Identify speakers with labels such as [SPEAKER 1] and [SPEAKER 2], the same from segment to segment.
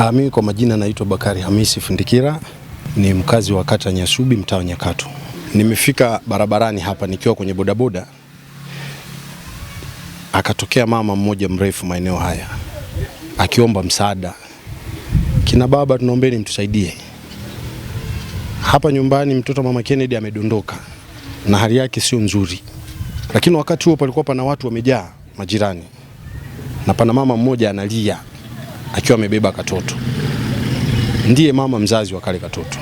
[SPEAKER 1] Ah, mimi kwa majina naitwa Bakari Hamisi Fundikira, ni mkazi wa kata Nyasubi, mtaa wa Nyakato. Nimefika barabarani hapa nikiwa kwenye bodaboda, akatokea mama mmoja mrefu maeneo haya akiomba msaada, kina baba, tunaombeni mtusaidie hapa nyumbani, mtoto mama Kennedy amedondoka na hali yake sio nzuri, lakini wakati huo palikuwa pana watu wamejaa majirani na pana mama mmoja analia akiwa amebeba katoto, ndiye mama mzazi wa kale katoto.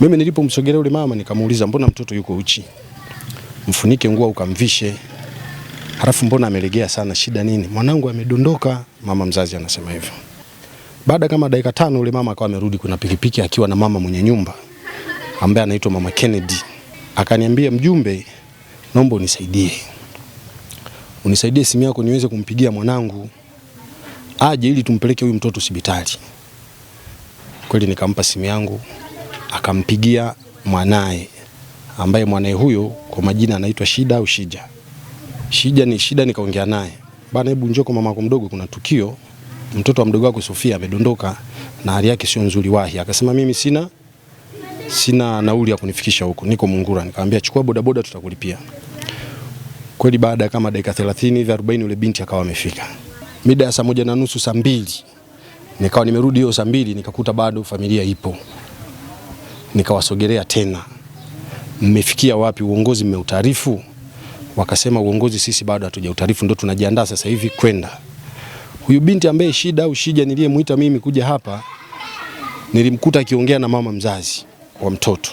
[SPEAKER 1] Mimi nilipomsogelea yule mama nikamuuliza, mbona mtoto yuko uchi? Mfunike nguo ukamvishe, halafu mbona amelegea sana, shida nini? Mwanangu amedondoka, mama mzazi anasema hivyo. Baada kama dakika tano yule mama akawa amerudi kuna pikipiki akiwa na mama mwenye nyumba ambaye anaitwa mama Kennedy, akaniambia mjumbe, naomba unisaidie, unisaidie simu yako niweze kumpigia mwanangu aje ili tumpeleke huyu mtoto hospitali. Kweli nikampa simu yangu, akampigia mwanaye ambaye mwanaye huyo kwa majina anaitwa Shida au Shija. Shija ni Shida, nikaongea naye bana, hebu njoo kwa mama yako mdogo, kuna tukio, mtoto wa mdogo wako Sofia amedondoka na hali yake sio nzuri, wahi. Akasema mimi sina sina nauli ya kunifikisha huko, niko Mungura. Nikamwambia chukua bodaboda, tutakulipia. Kweli baada kama dakika 30 hivi 40 yule binti akawa amefika mida ya saa moja na nusu, saa mbili nikawa nimerudi hiyo saa mbili, nikakuta bado familia ipo, nikawasogelea tena, mmefikia wapi? Uongozi mmeutaarifu? Wakasema uongozi sisi bado hatujautaarifu, ndio tunajiandaa sasa hivi kwenda. Huyu binti ambaye shida au shija niliyemwita mimi kuja hapa, nilimkuta akiongea na mama mzazi wa mtoto.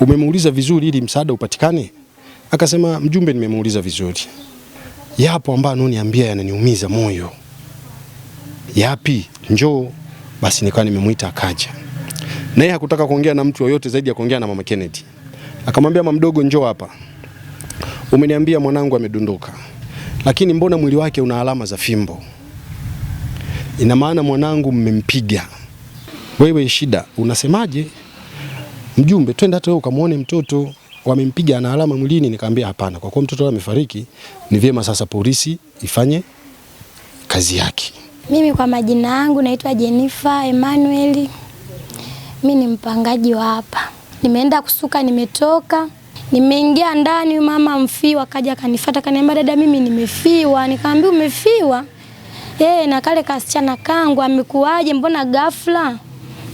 [SPEAKER 1] Umemuuliza vizuri ili msaada upatikane? Akasema mjumbe, nimemuuliza vizuri yapo ambayo anoniambia yananiumiza moyo, yapi? Njoo basi. Nikawa nimemwita akaja, naye hakutaka kuongea na mtu yoyote zaidi ya kuongea na mama Kennedy. Akamwambia, mama mdogo, njoo hapa, umeniambia mwanangu amedondoka, lakini mbona mwili wake una alama za fimbo? Ina maana mwanangu mmempiga. Wewe Shida, unasemaje? Mjumbe, twende hata wewe ukamwone mtoto wamempiga na alama mwilini, nikamwambia hapana, kwa kuwa mtoto amefariki, ni vyema sasa polisi ifanye kazi yake.
[SPEAKER 2] Mimi kwa majina yangu naitwa Jenifa Emmanuel. Mimi ni mpangaji wa hapa, nimeenda kusuka, nimetoka nimeingia ndani, mama mfiwa kaja kanifuata, kaniambia dada, mimi nimefiwa. Nikamwambia umefiwa? Hey, eh, na kale kasichana kangu amekuwaje, mbona ghafla?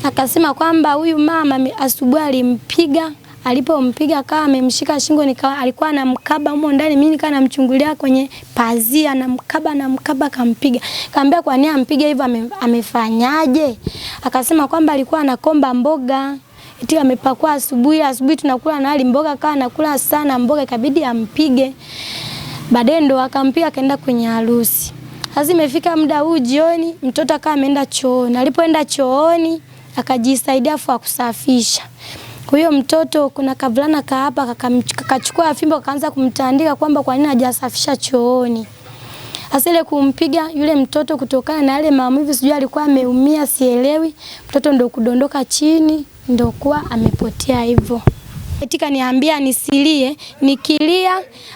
[SPEAKER 2] Akasema kwamba huyu mama asubuhi alimpiga alipompiga akawa amemshika shingo, nikawa alikuwa anamkaba huko ndani, mimi nikawa namchungulia kwenye pazia, namkaba namkaba, kampiga. Kaambia kwa nini ampige hivyo, ame, amefanyaje? Akasema kwamba alikuwa anakomba mboga eti amepakua asubuhi, asubuhi tunakula na hali mboga, akawa anakula sana mboga, ikabidi ampige. Baadaye ndo akampiga akaenda kwenye harusi. Sasa imefika muda huu jioni, mtoto akawa ameenda chooni. Alipoenda chooni akajisaidia afu akusafisha huyo mtoto kuna kavulana hapa kakachukua kaka fimbo kaanza kumtandika kwamba kwa nini hajasafisha chooni. Sasa ile kumpiga yule mtoto kutokana na yale maumivu, sijui alikuwa ameumia, sielewi. Mtoto ndo kudondoka chini, ndo kuwa amepotea hivyo. Etika niambia nisilie, nikilia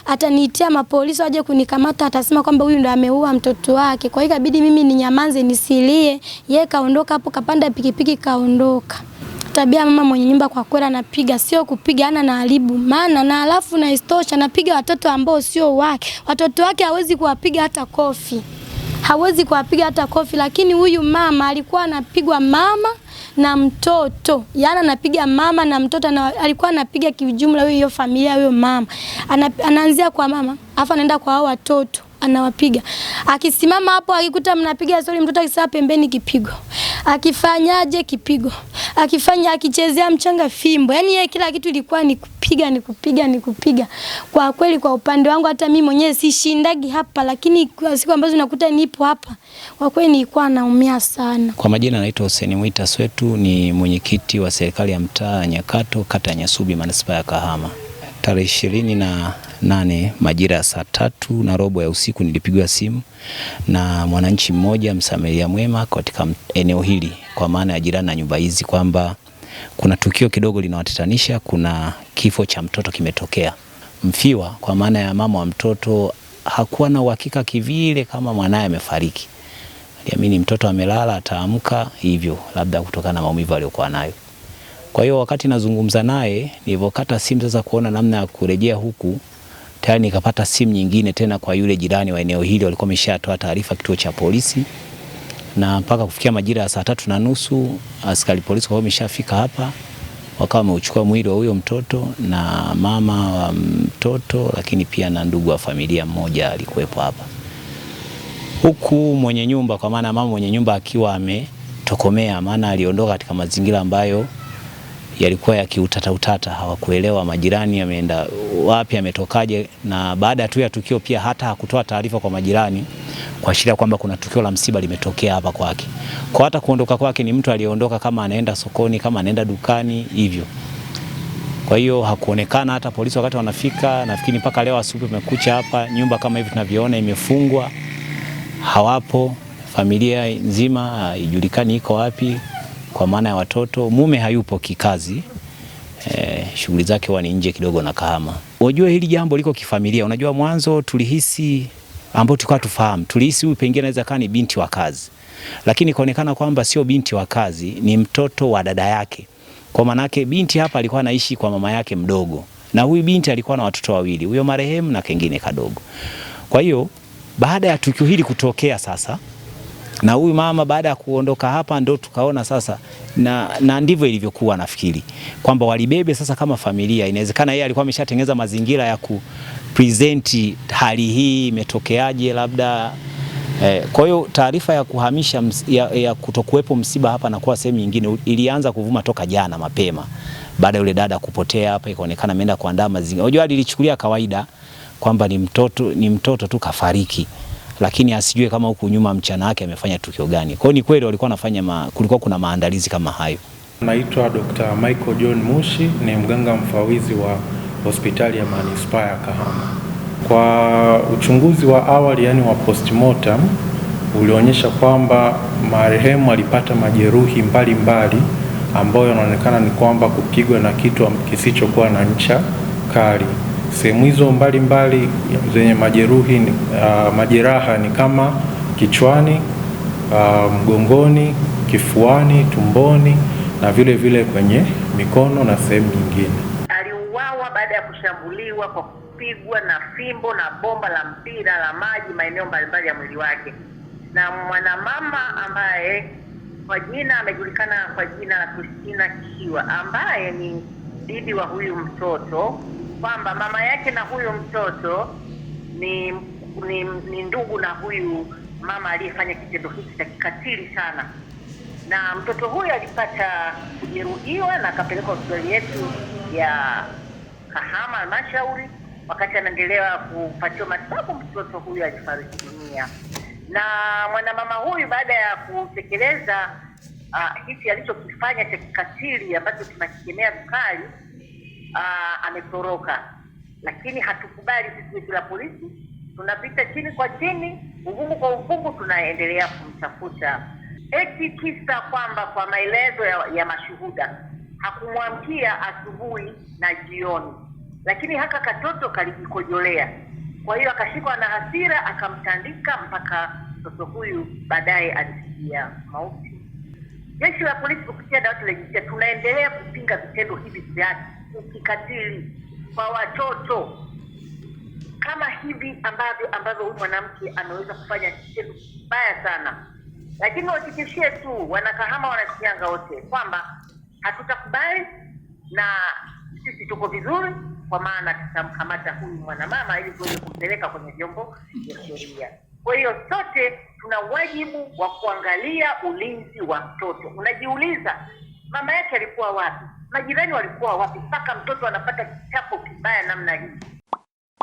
[SPEAKER 2] ataniitia mapolisi waje kunikamata, atasema kwamba huyu ndo ameua mtoto wake. Kwa hiyo ikabidi mimi ninyamaze nisilie. Yeye kaondoka hapo, kapanda pikipiki kaondoka tabia mama mwenye nyumba kwa kweli anapiga, sio ana na haribu maana, na alafu na istosha anapiga watoto ambao sio wake. Watoto wake hawezi kuwapiga hata kofi, hawezi kuwapiga hata kofi, lakini huyu mama alikuwa anapigwa mama na mtoto, yaani anapiga mama na mtoto na, alikuwa anapiga kiujumla hiyo familia, huyo mama anaanzia kwa mama afa anaenda kwa hao watoto anawapiga. Akisimama hapo akikuta mnapiga stori, mtoto akisaa pembeni kipigo. Akifanyaje kipigo. Akifanya akichezea mchanga fimbo. Yaani yeye kila kitu ilikuwa ni kupiga ni kupiga ni kupiga. Kwa kweli kwa upande wangu hata mimi mwenyewe sishindagi hapa, lakini kwa siku ambazo nakuta nipo hapa kwa kweli nilikuwa naumia sana.
[SPEAKER 3] Kwa majina naitwa Hussein Mwita Swetu, ni mwenyekiti wa serikali ya mtaa Nyakato, kata ya Nyasubi, manispaa ya Kahama tarehe ishirini na nane majira ya saa tatu na robo ya usiku nilipigwa simu na mwananchi mmoja msamaria mwema katika eneo hili, kwa maana ya jirani na nyumba hizi, kwamba kuna tukio kidogo linawatatanisha. Kuna kifo cha mtoto kimetokea. Mfiwa kwa maana ya mama wa mtoto hakuwa na uhakika kivile kama mwanaye amefariki, aliamini mtoto amelala ataamka hivyo, labda kutokana na maumivu aliyokuwa nayo. Kwa hiyo wakati nazungumza naye, nilivyokata simu sasa kuona namna ya kurejea huku, tayari nikapata simu nyingine tena kwa yule jirani wa eneo hili, walikuwa wameshatoa taarifa kituo cha polisi, na mpaka kufikia majira ya saa tatu na nusu askari polisi kwa wameshafika hapa, wakawa wameuchukua mwili wa huyo mtoto na mama wa mtoto, lakini pia na ndugu wa familia mmoja alikuwepo hapa, huku mwenye nyumba, kwa maana mama mwenye nyumba akiwa ametokomea, maana aliondoka katika mazingira ambayo yalikuwa ya kiutata utata, hawakuelewa majirani ameenda wapi ametokaje, na baada tu ya tukio pia hata hakutoa taarifa kwa majirani kuashiria kwamba kuna tukio la msiba limetokea hapa kwake. Kwa hata kuondoka kwake ni mtu aliyeondoka kama anaenda sokoni, kama anaenda dukani hivyo. Kwa hiyo hakuonekana hata polisi wakati wanafika. Nafikiri mpaka leo asubuhi umekucha hapa, nyumba kama hivi tunavyoona imefungwa, hawapo. Familia nzima haijulikani iko wapi kwa maana ya watoto. Mume hayupo kikazi eh, shughuli zake huwa ni nje kidogo na Kahama. Wajue hili jambo liko kifamilia. Unajua, mwanzo tulihisi ambao tulikuwa tufahamu, tulihisi huyu pengine anaweza kaa ni binti wa kazi, lakini ikaonekana kwamba sio binti wa kazi, ni mtoto wa dada yake. Kwa maana yake binti hapa alikuwa anaishi kwa mama yake mdogo, na huyu binti alikuwa na watoto wawili, huyo marehemu na kengine kadogo. Kwa hiyo baada ya tukio hili kutokea sasa na huyu mama baada ya kuondoka hapa ndo tukaona sasa, na, na ndivyo ilivyokuwa nafikiri kwamba walibebe sasa kama familia. Inawezekana yeye alikuwa ameshatengeneza mazingira ya ku present hali hii imetokeaje, labda eh. Kwa hiyo taarifa ya kuhamisha ya, ya kutokuwepo msiba hapa na kuwa sehemu nyingine ilianza kuvuma toka jana mapema, baada ya yule dada kupotea hapa, ikaonekana ameenda kuandaa mazingira. Unajua, alilichukulia kawaida kwamba ni mtoto, ni mtoto tu kafariki lakini asijue kama huku nyuma mchana wake amefanya tukio gani. Kwa hiyo ni kweli walikuwa wanafanya ma, kulikuwa kuna maandalizi kama hayo.
[SPEAKER 4] Naitwa Dr. Michael John Mushi, ni mganga mfawizi wa hospitali ya manispaa ya Kahama. Kwa uchunguzi wa awali, yani wa postmortem, ulionyesha kwamba marehemu alipata majeruhi mbalimbali ambayo yanaonekana ni kwamba kupigwa na kitu kisichokuwa na ncha kali. Sehemu hizo mbalimbali zenye majeruhi uh, majeraha ni kama kichwani, uh, mgongoni, kifuani, tumboni na vile vile kwenye mikono na sehemu nyingine.
[SPEAKER 5] Aliuawa baada ya kushambuliwa kwa kupigwa na fimbo na bomba la mpira la maji maeneo mbalimbali ya mwili wake na mwanamama ambaye kwa jina amejulikana kwa jina la Christina Kiwa ambaye ni bibi wa huyu mtoto kwamba mama yake na huyo mtoto ni ni, ni ndugu na huyu mama aliyefanya kitendo hiki cha kikatili sana, na mtoto huyo alipata kujeruhiwa na akapelekwa hospitali yetu ya Kahama halmashauri. Wakati anaendelea kupatiwa matibabu, mtoto huyu alifariki dunia. Na mwanamama huyu baada ya kutekeleza uh, ah, hiki alichokifanya cha kikatili ambacho tunakikemea vikali uh, ametoroka, lakini hatukubali sisi jeshi la polisi, tunapita chini kwa chini, ugumu kwa ugumu, tunaendelea kumtafuta eti kisa kwamba kwa maelezo ya, ya mashuhuda hakumwamkia asubuhi na jioni, lakini haka katoto kalijikojolea. Kwa hiyo akashikwa na hasira akamtandika mpaka mtoto huyu baadaye alifikia mauti. Jeshi la polisi kupitia dawati la jinsia tunaendelea kupinga vitendo hivi vyake ukikatili kwa watoto kama hivi ambavyo ambavyo huyu mwanamke ameweza kufanya kitu kibaya sana, lakini wahakikishie tu wanakahama wanasianga wote kwamba hatutakubali na sisi tuko vizuri, kwa maana tutamkamata huyu mwanamama ili tuweze kumpeleka kwenye vyombo vya sheria. Kwa hiyo sote tuna wajibu wa kuangalia ulinzi wa mtoto. Unajiuliza, mama yake alikuwa wapi? majirani walikuwa wapi mpaka mtoto anapata kichapo kibaya namna hii?